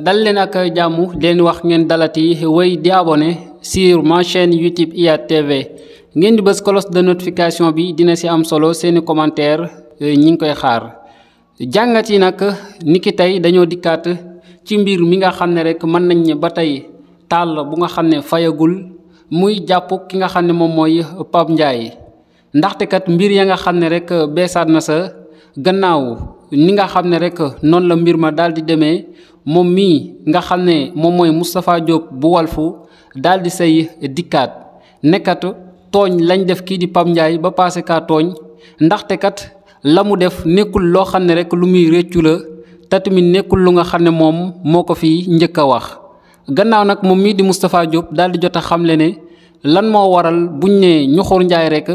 dal leen ak jàmm di leen wax ngeen dalati wéy di abonné sur ma chaîne YouTube IYAT TV ngeen di bës cloche de notification bi dina ci am solo seeni commentaire euh, ñi ngi koy xaar jàngat yi nag niki tey dañoo dikkaat ci mbir mi nga xam ne rek mën nañ ba tey taal bu nga xam ne fayagul muy jàpp ki nga xam ne moom mooy Pape Ndiaye ndaxte kat mbir ya nga xam ne rek beesaat na sa gannaaw ni nga xam ne rek noonu la mbir ma daal di demee moom mii nga xam ne moom mooy Moustapha Diop bu walfu daal di say dikkaat nekkatu tooñ lañ def kii di Pape njaay ba passé kaa tooñ ndaxte kat la mu def nekkul loo xam ne rek lu muy réccu la te tamit nekkul lu nga xam ne moom moo ko fi njëkk a wax gannaaw nag moom mii di Moustapha Diop daal di jot a xamle ne lan moo waral buñ ne ñuxur njaay rek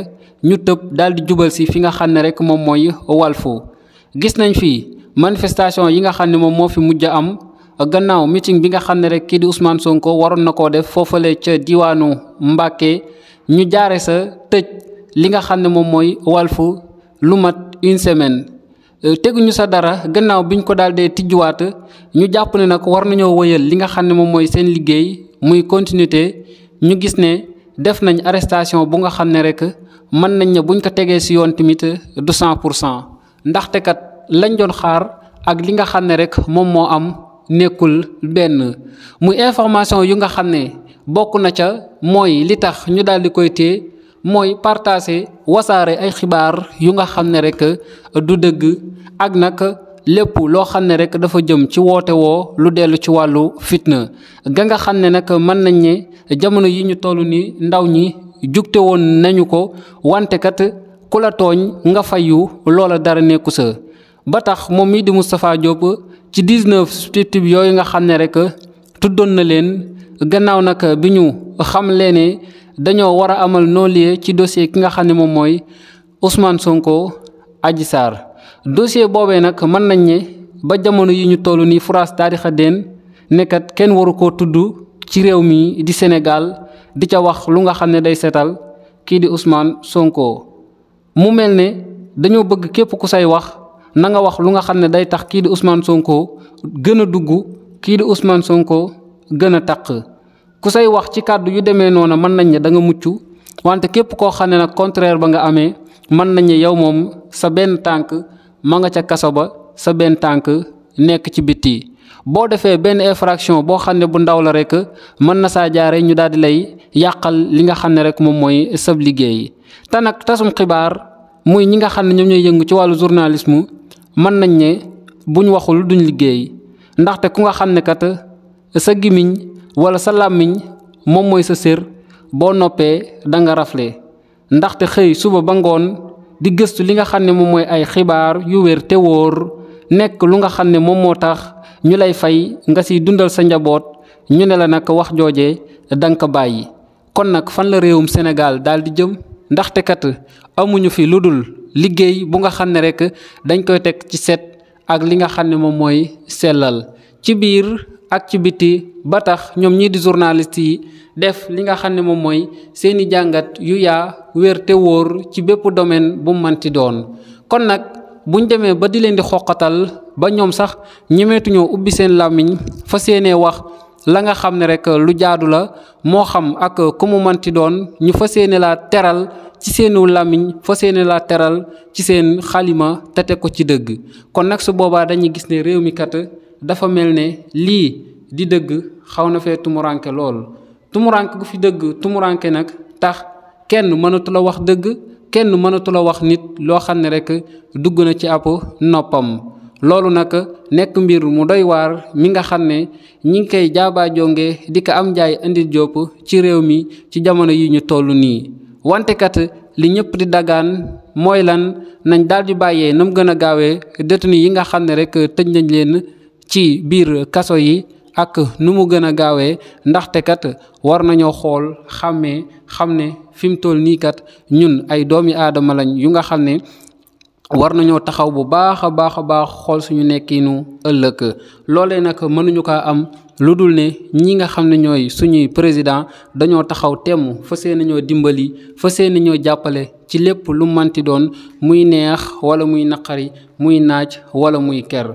ñu tëb daal di jubal si fi nga xam ne rek moom mooy walfu gis nañ fii manifestation yi nga xam ne moom moo fi mujj am gannaaw mitin bi nga xam ne rek kii di Ousmane Sonko waroon na koo def foofale ca diwaanu Mbàkke ñu jaare sa tëj li nga xam ne moom mooy Walfu lu mat une semaine euh, teguñu sa dara gannaaw biñ ko daal dee tijjuwaat ñu jàpp ne nag war nañoo wëyal li nga xam ne moom mooy seen liggéey muy continuité ñu gis ne def nañ arrestation bu nga xam ne rek mën nañ ne buñ ko tegee si yoon tamit du cent pour cent ndaxte kat lañ doon xaar ak li nga xam ne rek moom moo am nekkul benn muy information yu nga xam ne bokk na ca mooy li tax ñu daal di koy téye mooy partager wasaare ay xibaar yu nga xam ne rek du dëgg ak nag lépp loo xam ne rek dafa jëm ci woote woo lu dellu ci wàllu fitna ga nga xam ne nag mën nañ ne jamono yi ñu toll ni ndaw ñi jugte woon nañu ko wante kat ku la tooñ nga fayu loola dara nekku sa ba tax moom mii di Moustapha Diop ci 19 sportifs yooyu nga xam ne rek tuddoon na leen gannaaw nag bi ñu xam lee ne dañoo war a amal non-lieu ci dossier ki nga xam ne moom mooy Ousmane Sonko Adji saar dossier boobe nag mën nañ ne ba jamono yi ñu toll nii France daal di nekkat kenn waru koo tudd ci réew mi di Sénégal di ca wax lu nga xam ne day seetal kii di Ousmane Sonko mu mel ne dañoo bëgg képp ku say wax. na nga wax lu nga xam ne day tax kii di Ousmane sonkoo gën a dugg kii di Ousmane Sonko gën a taq ku say wax ci kàddu yu demee noonu mën nañ ne da nga mucc wante képp koo xam ne nag contraire ba nga amee mën nañ ne yow moom sa benn tànk mu nga ca kaso ba sa benn tànk nekk ci bitti. boo defee benn infraction boo xam ne bu ndaw la rek mën na saa jaare ñu daal di lay yàqal li nga xam ne rek moom mooy sab liggéey te nag tasum xibaar. muy ñi nga xam ne ñoom ñooy yëngu ci wàllu journalisme mën nañ ne bu buñ waxul duñ liggéey ndaxte ku nga xam ne kat sa gimiñ wala sa làmmiñ moom mooy sa sér boo noppee danga nga rafle ndaxte xëy suba ba ngoon di gëstu li nga xam ne moom mooy ay xibaar yu wér te wóor nekk lu nga xam ne moom moo tax ñu lay fay nga siy dundal sa njaboot ñu ne la nag wax jooje da ko bàyyi kon nag fan la réewum Sénégal daal di jëm ndaxte kat amuñu fi lu dul liggéey bu nga xam ne rek dañ koy teg ci set ak li nga xam ne moom mooy sellal ci biir ak ci biti ba ñoom ñii di journaliste yi def li nga xam ne moom mooy seeni jàngat yu yaa wér te wóor ci bépp domaine bu mu mënti doon kon nag buñ demee ba di leen di xoqatal ba ñoom sax ñemeetuñoo ubbi seen làmmiñ fa seenee wax la nga xam ne rek lu jaadu la moo xam ak ku mu manti doon ñu fas yéene laa teral ci seenu làmmiñ fa yéene laa teral ci seen xalima tete ko ci dëgg kon nag su boobaa dañuy gis ne réew mi kat dafa mel ne lii di dëgg xaw na fee tumuranke lool tumuranke gu fi dëgg tumuranke nag tax kenn mënatul a wax dëgg kenn mënatu la wax nit loo xam ne rek dugg na ci ab noppam loolu nag nekk mbir mu doy waar mi nga xam ne ñi ngi koy jaabaa jonge di ko am njaay indi jóop ci réew mi ci jamono yi ñu toll nii wante kat li ñëpp di dagaan mooy lan nañ daal di bàyyee nam gën a gaawee détenu yi nga xam ne rek tëj nañ leen ci biir kaso yi ak nu mu gën a gaawee ndaxte kat war nañoo xool xàmmee xam ne fi mu toll nii kat ñun ay doomi aadama lañ yu nga xam ne war nañoo taxaw bu baax a baax a baax xool suñu nekkinu ëllëg loolee nag mënuñu kaa am lu dul ne ñi nga xam ne ñooy suñuy président dañoo taxaw temm fas yéene ñoo dimbali fas yéene ñoo jàppale ci lépp lu manti doon muy neex wala muy naqari muy naaj wala muy ker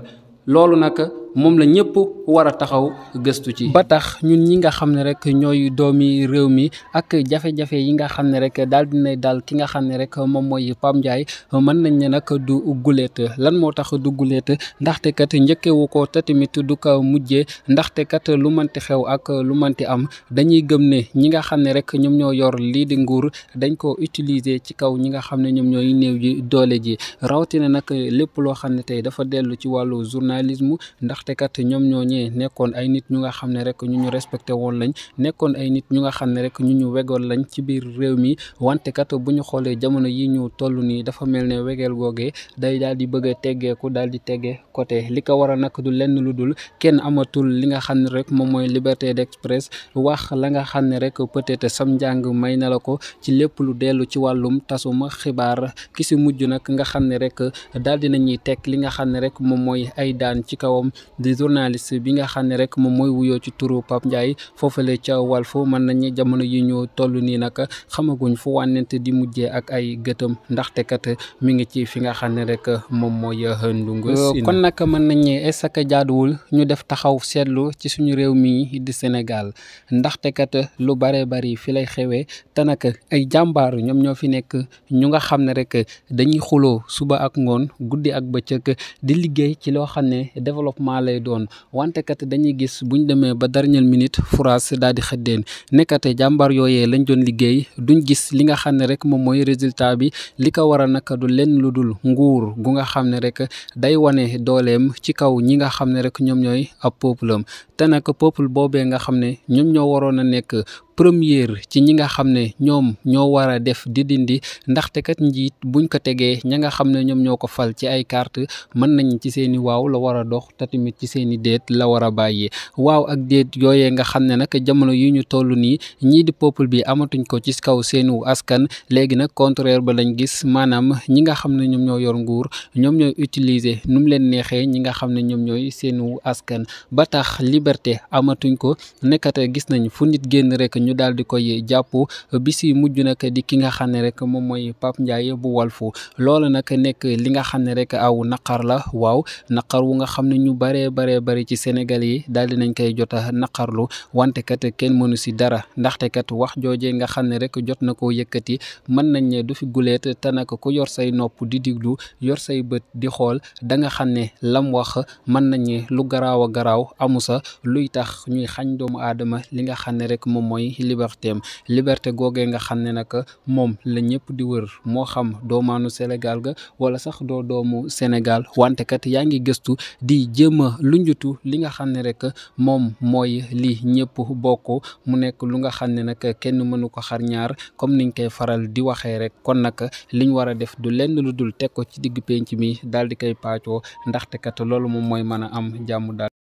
loolu nag moom la ñëpp war a taxaw gëstu ci. ba tax ñun ñi nga xam ne rek ñooy doomi réew mi ak jafe-jafe yi nga xam ne rek daal dina daal ki nga xam ne rek moom mooy Pape Ndiaye mën nañ ne nag du guleet lan moo tax du guleet ndaxte kat njëkkewu ko te du ko mujjee ndaxte kat lu mënti xew ak lu mënti am dañuy gëm ne ñi nga xam ne rek ñoom ñoo yor lii di nguur dañ ko utiliser ci kaw ñi nga xam ne ñoom ñooy néew ji doole ji rawatina nag lépp loo xam ne tey dafa dellu ci wàllu journalisme ndax ndaxte kat ñoom ñooñee nekkoon ay nit ñu nga xam ne rek ñu ñu respecté woon lañ nekkoon ay nit ñu nga xam ne rek ñu ñu wegoon lañ ci biir réew mi wante kato bu ñu xoolee jamono yi ñu toll nii dafa mel ne wegeel googee day daal di bëgg a teggeeku daal di teggee côté li ko war a nag du lenn lu dul kenn amatul li nga xam ne rek moom mooy liberté d'express wax la nga xam ne rek peut-être sam njàng may na la ko ci lépp lu dellu ci wàllum tasuma xibaar ki si mujj nag nga xam ne rek daal di nañuy teg li nga xam ne rek moom mooy ay daan ci kawam di journaliste bi nga xam ne rek moom mooy wuyoo ci turu Pape Ndiaye foofale ca Walf mën nañu jamono yi ñoo tollu nii nag xamaguñ fu wànnente di mujjee ak ay gëtëm ndaxte kat mi ngi ci fi nga xam ne rek moom mooy ndungu euh, kon nag mën nañu est-ce que jaaduwul ñu def taxaw seetlu ci suñu réew mi di Sénégal ndaxte kat lu bare bari fi lay xewee te nag ay jàmbaar ñoom ñoo fi nekk ñu nga xam ne rek dañuy xuloo suba ak ngoon guddi ak bëccëg di liggéey ci loo xam ne développement temps lay doon wante kat dañuy gis buñ demee ba dernière minute France daal di xëddeen nekkate jàmbaar yooyee lañ doon liggéey duñ gis li nga xam ne rek moom mooy résultat bi li ko waral nag du lenn lu dul nguur gu nga xam ne rek day wane dooleem ci kaw ñi nga xam ne rek ñoom ñooy ab peuple am te nag peuple boobee nga xam ne ñoom ñoo waroon a nekk première ci ñi nga xam ne ñoom ñoo war a def di dindi ndaxte kat njiit buñ ko tegee ña nga xam ne ñoom ñoo ko fal ci ay carte mën nañ ci seeni waaw la war a dox te tamit ci seeni déet la war a bàyyee waaw ak déet yooyee nga xam ne nag jamono yu ñu toll nii ñii di peuple bi amatuñ ko ci kaw seenu askan léegi nag contraire ba lañ gis maanaam ñi nga xam ne ñoom ñoo yor nguur ñoom ñooy utiliser nu leen neexee ñi nga xam ne ñoom ñooy seenu askan ba tax ñu daal di koy jàpp bi si mujj nag di ki nga xam ne rek moom mooy Pape Ndiaye bu Walfu loolu nag nekk li nga xam ne rek aw naqar la waaw naqar wu nga xam ne ñu baree baree bari ci Sénégal yi daal di nañ koy jot naqarlu wante kat kenn mënu si dara ndaxte kat wax joojee nga xam ne rek jot na koo yëkkati mën nañ ne du fi guleet te nag ku yor say nopp di diglu yor say bët di xool da nga xam ne lam wax mën nañ ne lu garaaw a garaaw amu sa luy tax ñuy xañ doomu aadama li nga xam rek moom mooy ci liberté am liberté googee nga xam ne nag moom la ñëpp di wër moo xam doomaanu Sénégal ga wala sax doo doomu Sénégal wante kat yaa ngi gëstu di jéem a lunjutu li nga xam ne rek moom mooy li ñëpp bokk mu nekk lu nga xam ne nag kenn mënu ko xarñaar comme niñ koy faral di waxee rek kon nag liñ war a def du lenn lu dul teg ko ci diggu pénc mi daldi di koy paacoo ndaxte kat loolu moom mooy mën a am jàmm daal